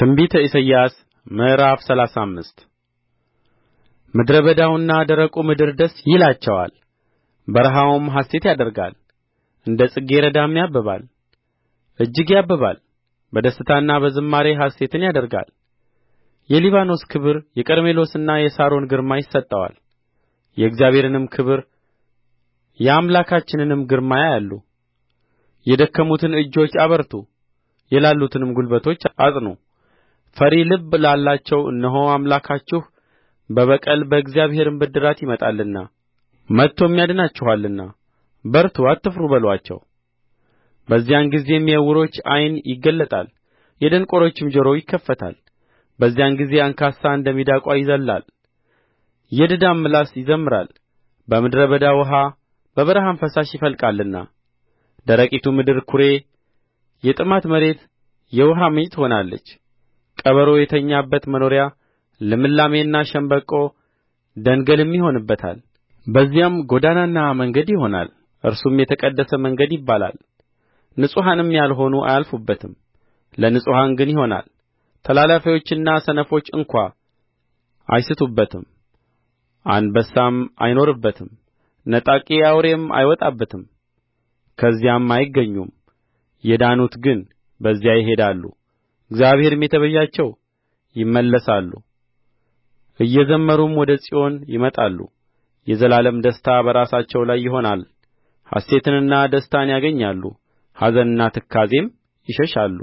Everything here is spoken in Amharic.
ትንቢተ ኢሳይያስ ምዕራፍ ሰላሳ አምስት ምድረ በዳውና ደረቁ ምድር ደስ ይላቸዋል በረሀውም ሐሤት ያደርጋል እንደ ጽጌ ረዳም ያብባል እጅግ ያብባል በደስታና በዝማሬ ሐሤትን ያደርጋል የሊባኖስ ክብር የቀርሜሎስና የሳሮን ግርማ ይሰጠዋል የእግዚአብሔርንም ክብር የአምላካችንንም ግርማ ያያሉ የደከሙትን እጆች አበርቱ የላሉትንም ጕልበቶች አጽኑ ፈሪ ልብ ላላቸው እነሆ አምላካችሁ በበቀል በእግዚአብሔርም ብድራት ይመጣልና መጥቶም ያድናችኋልና በርቱ አትፍሩ በሉአቸው በዚያን ጊዜም የዕውሮች ዓይን ይገለጣል የደንቆሮችም ጆሮ ይከፈታል በዚያን ጊዜ አንካሳ እንደ ሚዳቋ ይዘልላል የድዳም ምላስ ይዘምራል በምድረ በዳ ውኃ በበረሃም ፈሳሽ ይፈልቃልና ደረቂቱ ምድር ኵሬ የጥማት መሬት የውኃ ምንጭ ትሆናለች ቀበሮ የተኛበት መኖሪያ ልምላሜና ሸምበቆ ደንገልም ይሆንበታል በዚያም ጐዳናና መንገድ ይሆናል እርሱም የተቀደሰ መንገድ ይባላል ንጹሐንም ያልሆኑ አያልፉበትም ለንጹሐን ግን ይሆናል ተላላፊዎችና ሰነፎች እንኳ አይስቱበትም አንበሳም አይኖርበትም ነጣቂ አውሬም አይወጣበትም ከዚያም አይገኙም የዳኑት ግን በዚያ ይሄዳሉ እግዚአብሔርም የተቤዣቸው ይመለሳሉ እየዘመሩም ወደ ጽዮን ይመጣሉ የዘላለም ደስታ በራሳቸው ላይ ይሆናል ሐሤትንና ደስታን ያገኛሉ ኀዘንና ትካዜም ይሸሻሉ